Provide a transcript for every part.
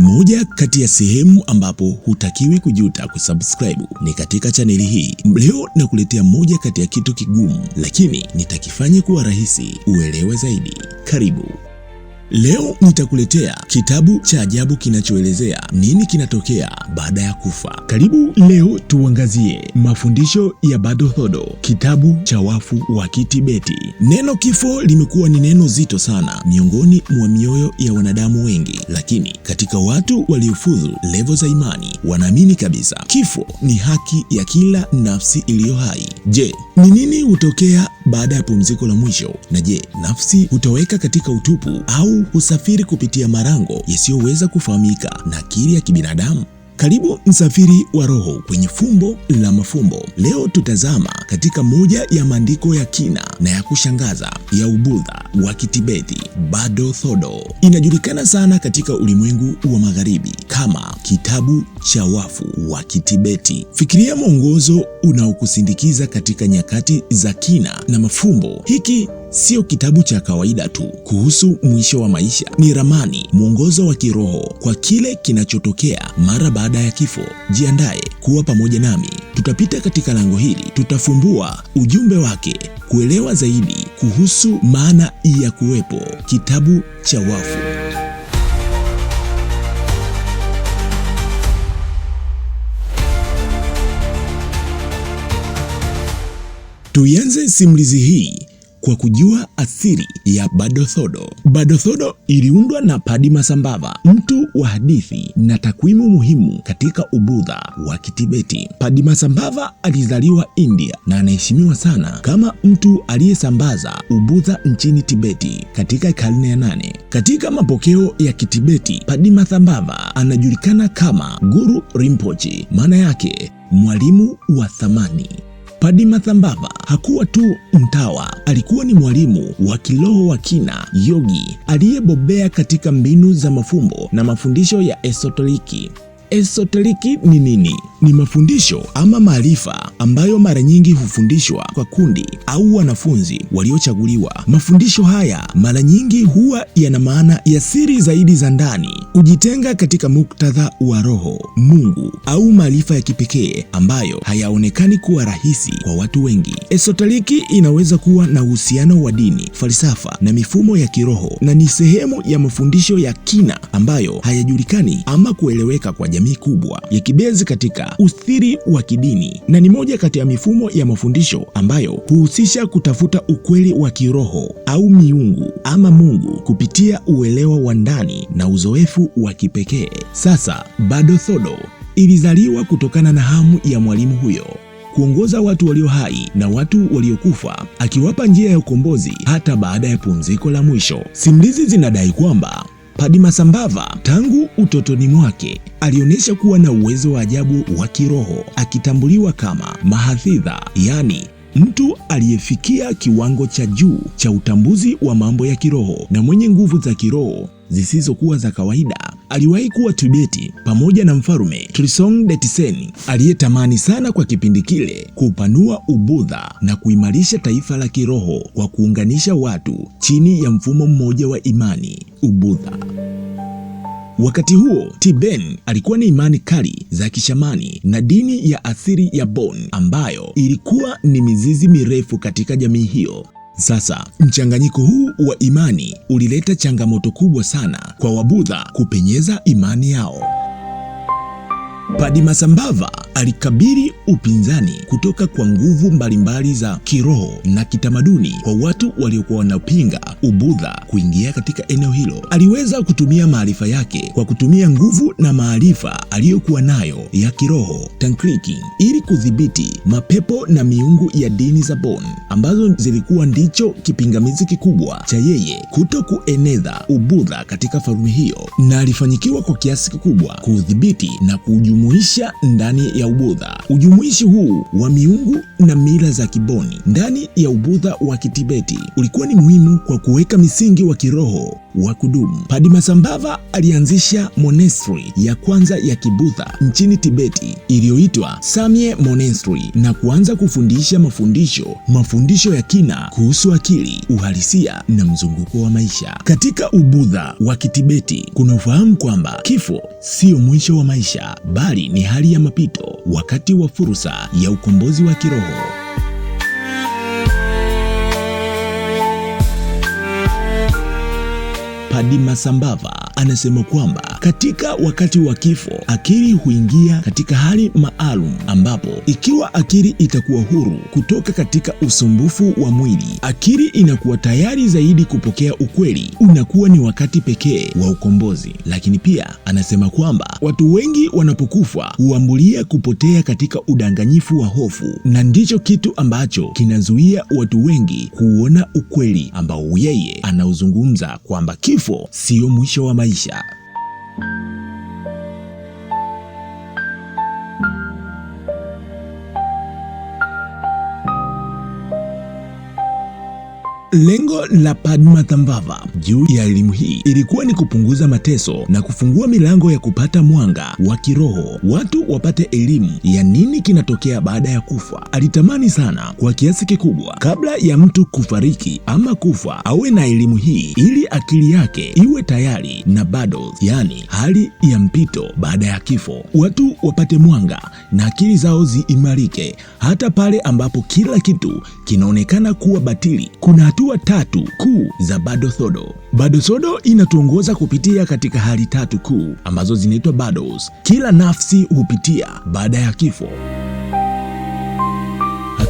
Moja kati ya sehemu ambapo hutakiwi kujuta kusubscribe ni katika chaneli hii. Leo nakuletea moja kati ya kitu kigumu, lakini nitakifanya kuwa rahisi uelewe zaidi. Karibu. Leo nitakuletea kitabu cha ajabu kinachoelezea nini kinatokea baada ya kufa. Karibu, leo tuangazie mafundisho ya Bado Thodo, kitabu cha wafu wa Kitibeti. Neno kifo limekuwa ni neno zito sana miongoni mwa mioyo ya wanadamu wengi, lakini katika watu waliofuzu levo za imani, wanaamini kabisa kifo ni haki ya kila nafsi iliyo hai. Je, ni nini hutokea baada ya pumziko la mwisho? Na je, nafsi hutoweka katika utupu au husafiri kupitia marango yasiyoweza kufahamika na akili ya kibinadamu. Karibu msafiri wa roho kwenye fumbo la mafumbo. Leo tutazama katika moja ya maandiko ya kina na ya kushangaza ya Ubudha wa Kitibeti Bado Thodo. Inajulikana sana katika ulimwengu wa Magharibi kama kitabu cha wafu wa Kitibeti. Fikiria mwongozo unaokusindikiza katika nyakati za kina na mafumbo. Hiki sio kitabu cha kawaida tu kuhusu mwisho wa maisha. Ni ramani, mwongozo wa kiroho kwa kile kinachotokea mara baada ya kifo. Jiandae kuwa pamoja nami, tutapita katika lango hili, tutafumbua ujumbe wake, kuelewa zaidi kuhusu maana ya kuwepo. Kitabu cha Wafu. Tuianze simulizi hii kwa kujua asiri ya Badothodo. Badothodo iliundwa na Padi Masambava, mtu wa hadithi na takwimu muhimu katika Ubudha wa Kitibeti. Padi Masambava alizaliwa India na anaheshimiwa sana kama mtu aliyesambaza Ubudha nchini Tibeti katika karne ya nane. Katika mapokeo ya Kitibeti, Padi Masambava anajulikana kama Guru Rinpoche, maana yake mwalimu wa thamani. Padima Thambava hakuwa tu mtawa, alikuwa ni mwalimu wa kiroho wa kina, yogi aliyebobea katika mbinu za mafumbo na mafundisho ya esoteriki. Esoteriki ni nini? Ni mafundisho ama maarifa ambayo mara nyingi hufundishwa kwa kundi au wanafunzi waliochaguliwa. Mafundisho haya mara nyingi huwa yana maana ya siri zaidi za ndani, kujitenga katika muktadha wa roho, Mungu au maarifa ya kipekee ambayo hayaonekani kuwa rahisi kwa watu wengi. Esoteriki inaweza kuwa na uhusiano wa dini, falsafa na mifumo ya kiroho na ni sehemu ya mafundisho ya kina ambayo hayajulikani ama kueleweka kwa jamii jamii kubwa ya kibezi katika usthiri wa kidini na ni moja kati ya mifumo ya mafundisho ambayo huhusisha kutafuta ukweli wa kiroho au miungu ama Mungu kupitia uelewa wa ndani na uzoefu wa kipekee. Sasa bado Thodo ilizaliwa kutokana na hamu ya mwalimu huyo kuongoza watu walio hai na watu waliokufa akiwapa njia ya ukombozi hata baada ya pumziko la mwisho. Simulizi zinadai kwamba Padma Sambava tangu utotoni mwake alionyesha kuwa na uwezo wa ajabu wa kiroho, akitambuliwa kama mahadhidha yani mtu aliyefikia kiwango cha juu cha utambuzi wa mambo ya kiroho na mwenye nguvu za kiroho zisizokuwa za kawaida. Aliwahi kuwa Tibeti pamoja na mfalme Trisong Detsen aliyetamani sana kwa kipindi kile kupanua Ubudha na kuimarisha taifa la kiroho kwa kuunganisha watu chini ya mfumo mmoja wa imani Ubudha. Wakati huo Tiben alikuwa na imani kali za kishamani na dini ya asili ya Bon ambayo ilikuwa ni mizizi mirefu katika jamii hiyo. Sasa mchanganyiko huu wa imani ulileta changamoto kubwa sana kwa Wabudha kupenyeza imani yao. Padma Masambhava alikabili upinzani kutoka kwa nguvu mbalimbali za kiroho na kitamaduni kwa watu waliokuwa wanapinga Ubudha kuingia katika eneo hilo. Aliweza kutumia maarifa yake kwa kutumia nguvu na maarifa aliyokuwa nayo ya kiroho tankriki, ili kudhibiti mapepo na miungu ya dini za Bon ambazo zilikuwa ndicho kipingamizi kikubwa cha yeye kuto kueneza Ubudha katika falme hiyo, na alifanyikiwa kwa kiasi kikubwa kuudhibiti na kuujumu kujumuisha ndani ya Ubudha. Ujumuishi huu wa miungu na mila za Kiboni ndani ya Ubudha wa Kitibeti ulikuwa ni muhimu kwa kuweka msingi wa kiroho wa kudumu. Padmasambhava alianzisha monastery ya kwanza ya Kibudha nchini Tibeti iliyoitwa Samye Monastery na kuanza kufundisha mafundisho mafundisho ya kina kuhusu akili, uhalisia na mzunguko wa maisha. Katika Ubudha wa Kitibeti kuna ufahamu kwamba kifo siyo mwisho wa maisha, bali ni hali ya mapito, wakati wa fursa ya ukombozi wa kiroho. Padima Sambava anasema kwamba katika wakati wa kifo akili huingia katika hali maalum ambapo ikiwa akili itakuwa huru kutoka katika usumbufu wa mwili, akili inakuwa tayari zaidi kupokea ukweli. Unakuwa ni wakati pekee wa ukombozi. Lakini pia anasema kwamba watu wengi wanapokufa huambulia kupotea katika udanganyifu wa hofu, na ndicho kitu ambacho kinazuia watu wengi kuona ukweli ambao yeye anauzungumza kwamba kifo Kifo siyo mwisho wa maisha. Lengo la Padma Thambava juu ya elimu hii ilikuwa ni kupunguza mateso na kufungua milango ya kupata mwanga wa kiroho, watu wapate elimu ya nini kinatokea baada ya kufa. Alitamani sana kwa kiasi kikubwa, kabla ya mtu kufariki ama kufa, awe na elimu hii ili akili yake iwe tayari na bado, yani hali ya mpito baada ya kifo, watu wapate mwanga na akili zao ziimarike, hata pale ambapo kila kitu kinaonekana kuwa batili. Kuna hatua tatu kuu za bado sodo. Bado sodo inatuongoza kupitia katika hali tatu kuu ambazo zinaitwa bados, kila nafsi hupitia baada ya kifo.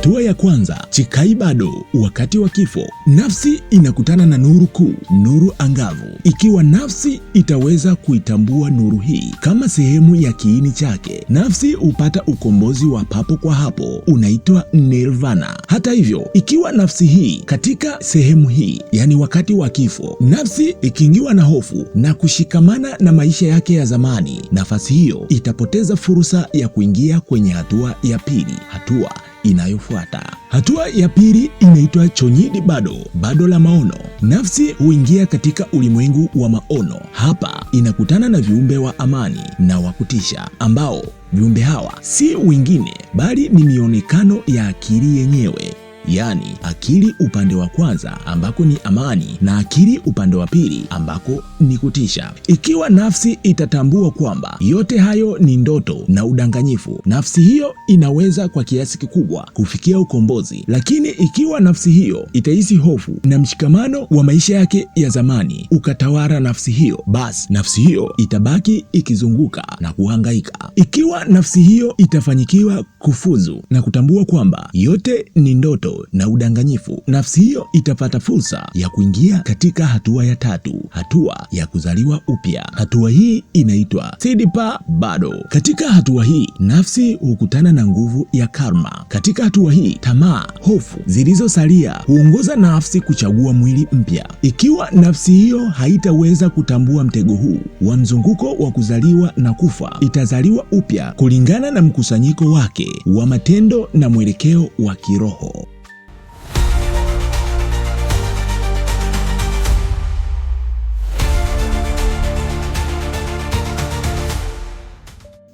Hatua ya kwanza, chikai bado. Wakati wa kifo, nafsi inakutana na nuru kuu, nuru angavu. Ikiwa nafsi itaweza kuitambua nuru hii kama sehemu ya kiini chake, nafsi hupata ukombozi wa papo kwa hapo unaitwa nirvana. Hata hivyo, ikiwa nafsi hii katika sehemu hii, yani wakati wa kifo, nafsi ikiingiwa na hofu na kushikamana na maisha yake ya zamani, nafasi hiyo itapoteza fursa ya kuingia kwenye hatua ya pili, hatua inayofuata. Hatua ya pili inaitwa chonyidi bado, bado la maono. Nafsi huingia katika ulimwengu wa maono. Hapa inakutana na viumbe wa amani na wa kutisha ambao viumbe hawa si wengine bali ni mionekano ya akili yenyewe yaani akili upande wa kwanza ambako ni amani na akili upande wa pili ambako ni kutisha. Ikiwa nafsi itatambua kwamba yote hayo ni ndoto na udanganyifu, nafsi hiyo inaweza kwa kiasi kikubwa kufikia ukombozi. Lakini ikiwa nafsi hiyo itahisi hofu na mshikamano wa maisha yake ya zamani ukatawala nafsi hiyo, basi nafsi hiyo itabaki ikizunguka na kuhangaika. Ikiwa nafsi hiyo itafanyikiwa kufuzu na kutambua kwamba yote ni ndoto uchoyo na udanganyifu. Nafsi hiyo itapata fursa ya kuingia katika hatua ya tatu, hatua ya kuzaliwa upya. Hatua hii inaitwa sidipa bado. Katika hatua hii nafsi hukutana na nguvu ya karma. Katika hatua hii tamaa, hofu zilizosalia huongoza nafsi kuchagua mwili mpya. Ikiwa nafsi hiyo haitaweza kutambua mtego huu wa mzunguko wa kuzaliwa na kufa, itazaliwa upya kulingana na mkusanyiko wake wa matendo na mwelekeo wa kiroho.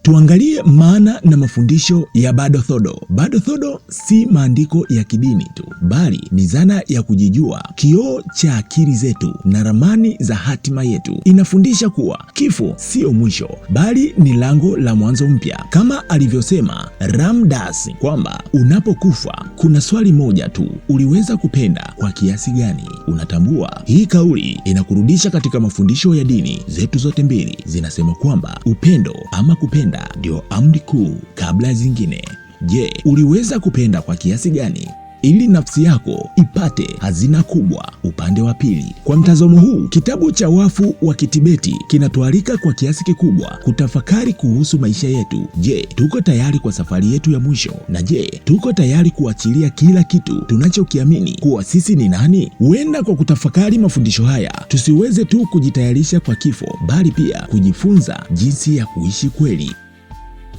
Tuangalie maana na mafundisho ya bado thodo. Bado thodo si maandiko ya kidini tu, bali ni zana ya kujijua, kioo cha akili zetu na ramani za hatima yetu. Inafundisha kuwa kifo sio mwisho, bali ni lango la mwanzo mpya, kama alivyosema Ramdas kwamba unapokufa kuna swali moja tu, uliweza kupenda kwa kiasi gani? Unatambua, hii kauli inakurudisha katika mafundisho ya dini zetu. Zote mbili zinasema kwamba upendo ama kupenda kupenda ndio amri kuu kabla zingine. Je, uliweza kupenda kwa kiasi gani ili nafsi yako ipate hazina kubwa? Upande wa pili. Kwa mtazamo huu, kitabu cha Wafu wa Kitibeti kinatualika kwa kiasi kikubwa kutafakari kuhusu maisha yetu. Je, tuko tayari kwa safari yetu ya mwisho? Na je, tuko tayari kuachilia kila kitu tunachokiamini kuwa sisi ni nani? Huenda kwa kutafakari mafundisho haya tusiweze tu kujitayarisha kwa kifo, bali pia kujifunza jinsi ya kuishi kweli.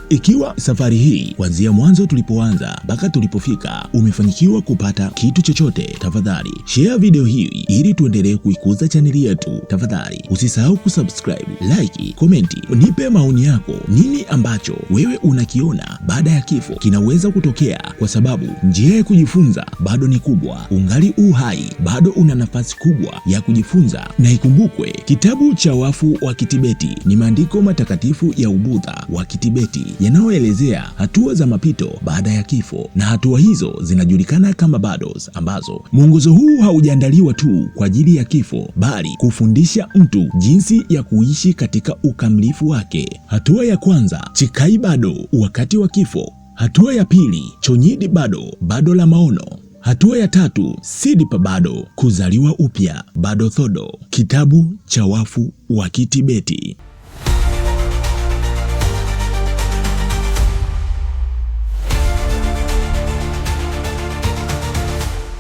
Ikiwa safari hii kuanzia mwanzo tulipoanza mpaka tulipofika umefanikiwa kupata kitu chochote, tafadhali share video hii ili tuendelee kuikuza chaneli yetu. Tafadhali usisahau kusubscribe, like, komenti, nipe maoni yako. Nini ambacho wewe unakiona baada ya kifo kinaweza kutokea? Kwa sababu njia ya kujifunza bado ni kubwa. Ungali uhai, bado una nafasi kubwa ya kujifunza, na ikumbukwe, kitabu cha Wafu wa Kitibeti ni maandiko matakatifu ya Ubudha wa Kitibeti yanayoelezea hatua za mapito baada ya kifo, na hatua hizo zinajulikana kama bados ambazo mwongozo huu haujaandaliwa tu kwa ajili ya kifo, bali kufundisha mtu jinsi ya kuishi katika ukamilifu wake. Hatua ya kwanza, chikai bado, wakati wa kifo. Hatua ya pili, chonyidi bado, bado la maono. Hatua ya tatu, sidipa bado, kuzaliwa upya, bado thodo, kitabu cha wafu wa Kitibeti.